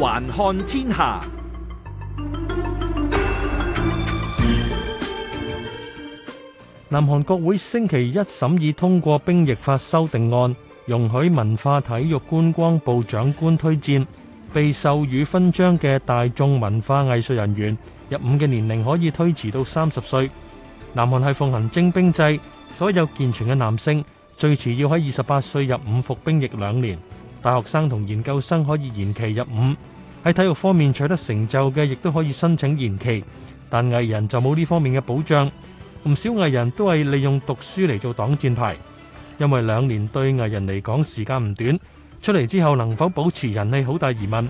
環看天下，南韓國會星期一審議通過兵役法修訂案，容許文化體育觀光部長官推薦被授予勳章嘅大眾文化藝術人員入伍嘅年齡可以推遲到三十歲。南韓係奉行徵兵制，所有健全嘅男性最遲要喺二十八歲入伍服兵役兩年。大學生同研究生可以延期入伍，喺體育方面取得成就嘅，亦都可以申請延期。但藝人就冇呢方面嘅保障，唔少藝人都係利用讀書嚟做擋箭牌，因為兩年對藝人嚟講時間唔短，出嚟之後能否保持人氣好大疑問。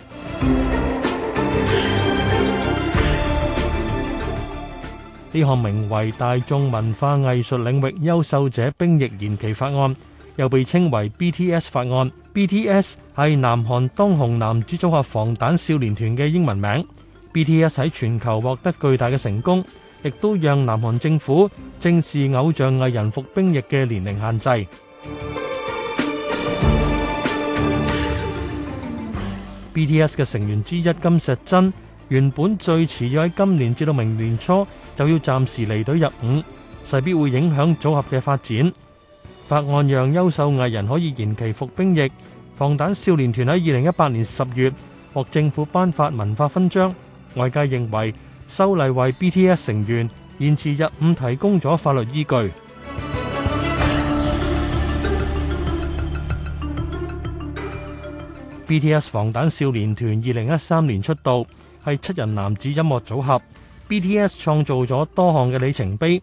呢項名為《大眾文化藝術領域優秀者兵役延期法案》。 又被稱為 BTS 法案，BTS 係南韓當紅男子組合防彈少年團嘅英文名。BTS 喺全球獲得巨大嘅成功，亦都讓南韓政府正視偶像藝人服兵役嘅年齡限制。BTS 嘅成員之一金碩珍原本最遲要喺今年至到明年初就要暫時離隊入伍，勢必會影響組合嘅發展。法案讓優秀藝人可以延期服兵役。防彈少年團喺二零一八年十月獲政府頒發文化勳章，外界認為修例為 BTS 成員延遲入伍提供咗法律依據。BTS 防彈少年團二零一三年出道，係七人男子音樂組合。BTS 創造咗多項嘅里程碑。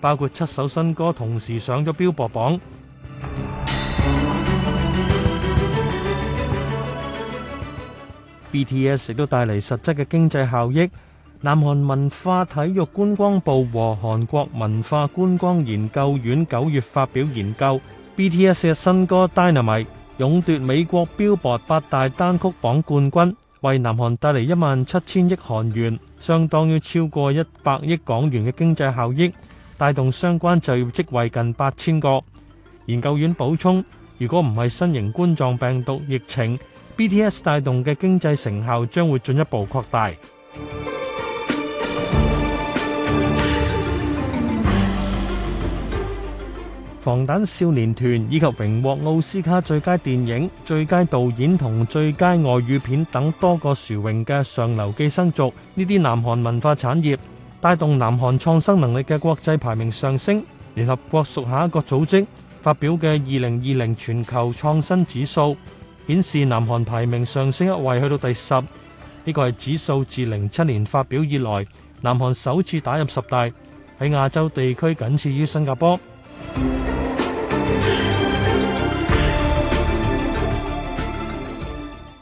包括七首新歌，同時上咗 Billboard 榜。BTS 亦都帶嚟實質嘅經濟效益。南韓文化體育觀光部和韓國文化觀光研究院九月發表研究，BTS 嘅新歌《Dynamite》勇奪美國 Billboard 八大單曲榜冠軍，為南韓帶嚟一萬七千億韓元，相當於超過一百億港元嘅經濟效益。帶動相關就業職位近八千個。研究院補充，如果唔係新型冠狀病毒疫情，BTS 帶動嘅經濟成效將會進一步擴大。 防彈少年團以及榮獲奧斯卡最佳電影、最佳導演同最佳外語片等多個殊榮嘅《上流寄生族》，呢啲南韓文化產業。帶動南韓創新能力嘅國際排名上升，聯合國屬下一個組織發表嘅二零二零全球創新指數顯示，南韓排名上升一位，去到第十。呢個係指數自零七年發表以來，南韓首次打入十大，喺亞洲地區僅次於新加坡。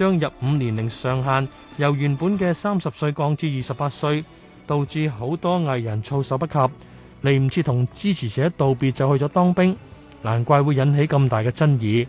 將入伍年齡上限由原本嘅三十歲降至二十八歲，導致好多藝人措手不及，嚟唔切同支持者道別就去咗當兵，難怪會引起咁大嘅爭議。